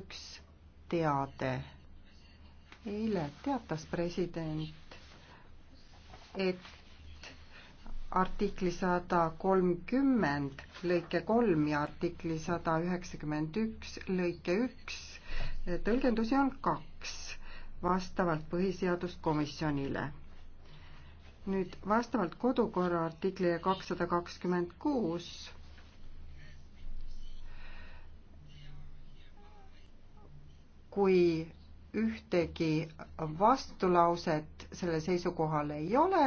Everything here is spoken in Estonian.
üks teade. eile teatas president, et artikli sada kolmkümmend lõike kolm ja artikli sada üheksakümmend üks lõike üks tõlgendusi on kaks vastavalt põhiseaduskomisjonile. nüüd vastavalt kodukorra artiklile kakssada kakskümmend kuus kui ühtegi vastulauset selle seisukohale ei ole,